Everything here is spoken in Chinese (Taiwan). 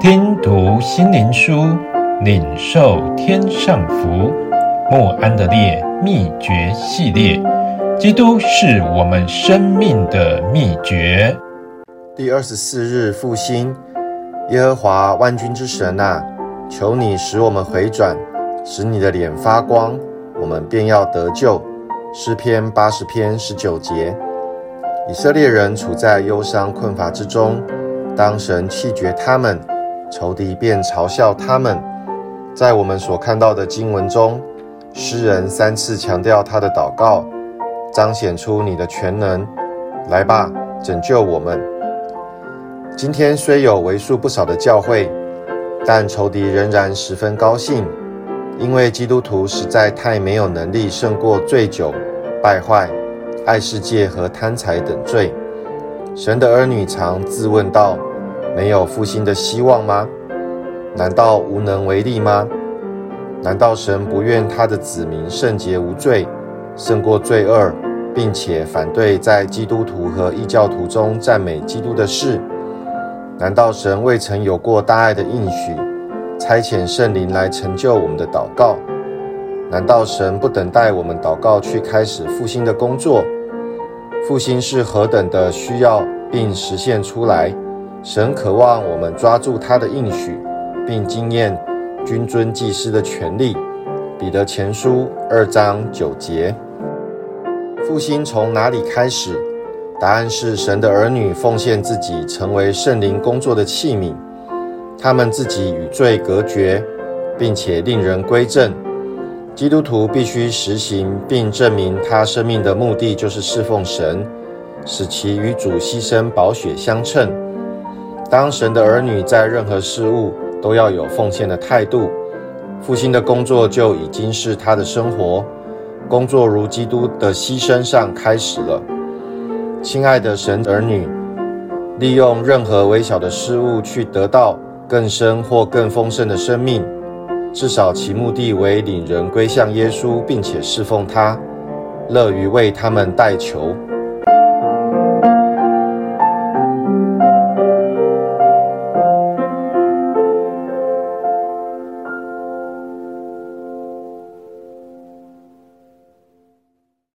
聽讀心靈書，領受天上福。慕安德烈秘訣系列，基督是我們生命的秘訣。第二十四日復興，耶和華萬軍之神吶、啊，求你使我們回轉，使你的臉發光，我們便要得救。詩篇八十篇十九節，以色列人處在憂傷困乏之中，當神棄絕他們。仇敵便嘲笑他們。在我們所看到的經文中，詩人三次強調他的禱告，彰顯出祢的全能。來吧，拯救我們！今天雖有為數不少的教會，但仇敵仍然十分高興，因為基督徒實在太沒有能力勝過醉酒、敗壞、愛世界和貪財等罪。神的兒女常自問道。沒有復興的希望嗎？難道無能為力嗎？難道神不願他的子民聖潔無罪，勝過罪惡，並且反對在基督徒和異教徒中讚美基督的事？難道神未曾有過大愛的應許，差遣聖靈來成就我們的禱告？難道神不等待我們禱告去開始復興的工作？復興是何等的需要，並實現出來。神渴望我們抓住他的應許，並經驗君尊祭司的權力。彼得前書二章九節。復興從哪裡開始？答案是神的兒女奉獻自己，成為聖靈工作的器皿。他們自己與罪隔絕，並且令人歸正。基督徒必須實行並證明他生命的目的就是事奉神，使其與主犧牲寶血相稱。當神的兒女在任何事物都要有奉獻的態度，復興的工作就已經是他的生活。工作如基督的犧牲上開始了。親愛的神兒女，利用任何微小的事物去得到更深或更豐盛的生命，至少其目的為領人歸向耶穌，並且侍奉他，樂於為他們代求。